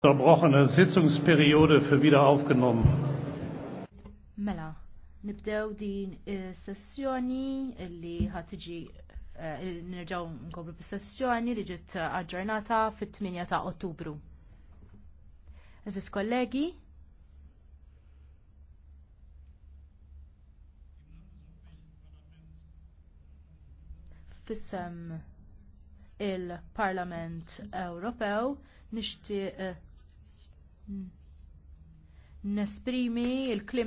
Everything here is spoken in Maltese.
Unterbrochene Sitzungsperiode für wieder aufgenommen. Mela, nibdew din eh, sessjoni li ħatiġi eh, nirġaw nkomplu fis sessjoni li ġiet aġġornata fit-8 ta' Ottubru. Eżis kollegi, fissem il-Parlament Ewropew nixtieq eh, Nesprimi il-klim